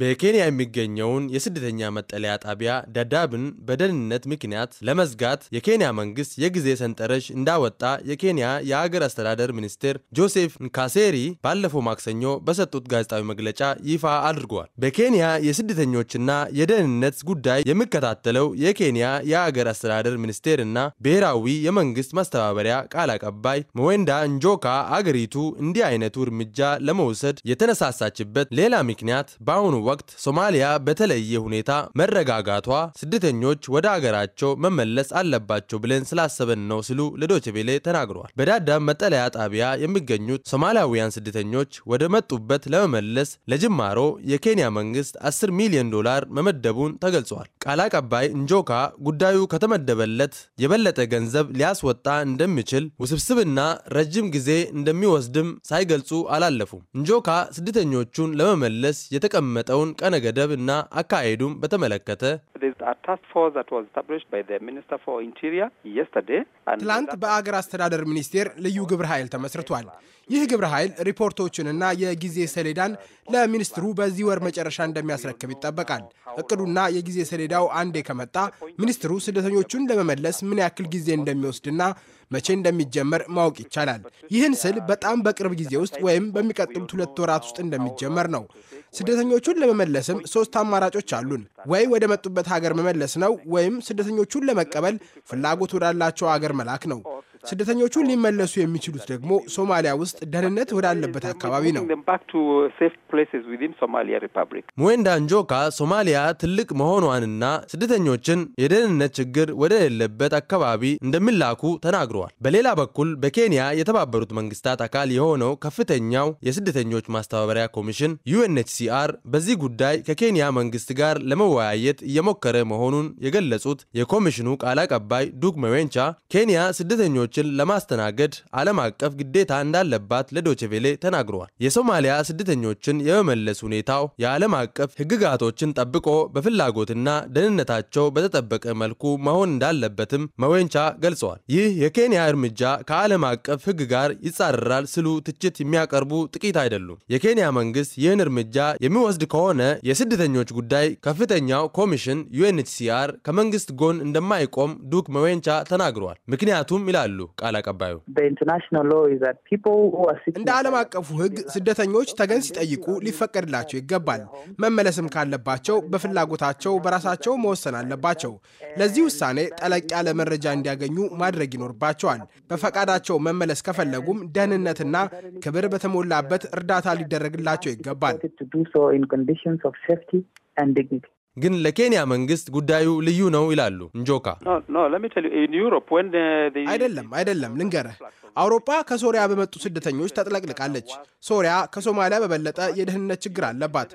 በኬንያ የሚገኘውን የስደተኛ መጠለያ ጣቢያ ዳዳብን በደህንነት ምክንያት ለመዝጋት የኬንያ መንግስት የጊዜ ሰንጠረዥ እንዳወጣ የኬንያ የአገር አስተዳደር ሚኒስትር ጆሴፍ ንካሴሪ ባለፈው ማክሰኞ በሰጡት ጋዜጣዊ መግለጫ ይፋ አድርጓል። በኬንያ የስደተኞችና የደህንነት ጉዳይ የሚከታተለው የኬንያ የአገር አስተዳደር ሚኒስቴርና ብሔራዊ የመንግስት ማስተባበሪያ ቃል አቀባይ መወንዳ እንጆካ አገሪቱ እንዲህ አይነቱ እርምጃ ለመውሰድ የተነሳሳችበት ሌላ ምክንያት በአሁኑ ወቅት ሶማሊያ በተለየ ሁኔታ መረጋጋቷ ስደተኞች ወደ አገራቸው መመለስ አለባቸው ብለን ስላሰበን ነው ሲሉ ለዶችቤሌ ተናግረዋል። በዳዳም መጠለያ ጣቢያ የሚገኙት ሶማሊያውያን ስደተኞች ወደ መጡበት ለመመለስ ለጅማሮ የኬንያ መንግስት 10 ሚሊዮን ዶላር መመደቡን ተገልጿል። ቃል አቀባይ እንጆካ ጉዳዩ ከተመደበለት የበለጠ ገንዘብ ሊያስወጣ እንደሚችል ውስብስብና ረጅም ጊዜ እንደሚወስድም ሳይገልጹ አላለፉም። እንጆካ ስደተኞቹን ለመመለስ የተቀመጠ የተሰጠውን ቀነ ገደብ እና አካሄዱም በተመለከተ ትላንት በአገር አስተዳደር ሚኒስቴር ልዩ ግብረ ኃይል ተመስርቷል። ይህ ግብረ ኃይል ሪፖርቶችንና የጊዜ ሰሌዳን ለሚኒስትሩ በዚህ ወር መጨረሻ እንደሚያስረክብ ይጠበቃል። እቅዱና የጊዜ ሰሌዳው አንዴ ከመጣ ሚኒስትሩ ስደተኞቹን ለመመለስ ምን ያክል ጊዜ እንደሚወስድና መቼ እንደሚጀመር ማወቅ ይቻላል። ይህን ስል በጣም በቅርብ ጊዜ ውስጥ ወይም በሚቀጥሉት ሁለት ወራት ውስጥ እንደሚጀመር ነው። ስደተኞቹን ለመመለስም ሶስት አማራጮች አሉን። ወይ ወደ መጡበት ሀገር መመለስ ነው፣ ወይም ስደተኞቹን ለመቀበል ፍላጎት ወዳላቸው ሀገር መላክ ነው። ስደተኞቹ ሊመለሱ የሚችሉት ደግሞ ሶማሊያ ውስጥ ደህንነት ወዳለበት አካባቢ ነው። ሙዌንዳ ንጆካ ሶማሊያ ትልቅ መሆኗንና ስደተኞችን የደህንነት ችግር ወደሌለበት አካባቢ እንደሚላኩ ተናግረዋል። በሌላ በኩል በኬንያ የተባበሩት መንግስታት አካል የሆነው ከፍተኛው የስደተኞች ማስተባበሪያ ኮሚሽን ዩኤንኤችሲአር በዚህ ጉዳይ ከኬንያ መንግስት ጋር ለመወያየት እየሞከረ መሆኑን የገለጹት የኮሚሽኑ ቃል አቀባይ ዱክ መዌንቻ ኬንያ ስደተኞች ስደተኞችን ለማስተናገድ ዓለም አቀፍ ግዴታ እንዳለባት ለዶችቬሌ ተናግረዋል። የሶማሊያ ስደተኞችን የመመለስ ሁኔታው የዓለም አቀፍ ሕግጋቶችን ጠብቆ በፍላጎትና ደህንነታቸው በተጠበቀ መልኩ መሆን እንዳለበትም መወንቻ ገልጸዋል። ይህ የኬንያ እርምጃ ከዓለም አቀፍ ሕግ ጋር ይጻረራል ስሉ ትችት የሚያቀርቡ ጥቂት አይደሉም። የኬንያ መንግስት ይህን እርምጃ የሚወስድ ከሆነ የስደተኞች ጉዳይ ከፍተኛው ኮሚሽን ዩኤንኤችሲአር ከመንግስት ጎን እንደማይቆም ዱክ መወንቻ ተናግረዋል። ምክንያቱም ይላሉ ቃል አቀባዩ። እንደ ዓለም አቀፉ ሕግ ስደተኞች ተገን ሲጠይቁ ሊፈቀድላቸው ይገባል። መመለስም ካለባቸው በፍላጎታቸው በራሳቸው መወሰን አለባቸው። ለዚህ ውሳኔ ጠለቅ ያለ መረጃ እንዲያገኙ ማድረግ ይኖርባቸዋል። በፈቃዳቸው መመለስ ከፈለጉም ደህንነትና ክብር በተሞላበት እርዳታ ሊደረግላቸው ይገባል። ግን ለኬንያ መንግስት ጉዳዩ ልዩ ነው ይላሉ እንጆካ። uh, አይደለም አይደለም፣ ልንገረህ፣ አውሮፓ ከሶሪያ በመጡ ስደተኞች ተጥለቅልቃለች። ሶሪያ ከሶማሊያ በበለጠ የደህንነት ችግር አለባት።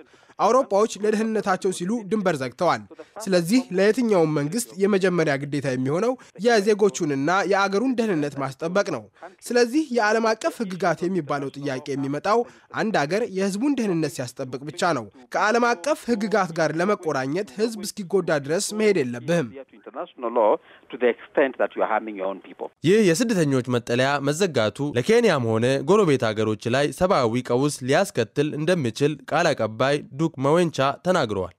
አውሮፓዎች ለደህንነታቸው ሲሉ ድንበር ዘግተዋል። ስለዚህ ለየትኛውም መንግስት የመጀመሪያ ግዴታ የሚሆነው የዜጎቹንና የአገሩን ደህንነት ማስጠበቅ ነው። ስለዚህ የዓለም አቀፍ ህግጋት የሚባለው ጥያቄ የሚመጣው አንድ አገር የህዝቡን ደህንነት ሲያስጠብቅ ብቻ ነው። ከዓለም አቀፍ ህግጋት ጋር ለመቆራኘት ህዝብ እስኪጎዳ ድረስ መሄድ የለብህም። ይህ የስደተኞች መጠለያ መዘጋቱ ለኬንያም ሆነ ጎረቤት ሀገሮች ላይ ሰብአዊ ቀውስ ሊያስከትል እንደሚችል ቃል አቀባይ ዱክ መወንቻ ተናግረዋል።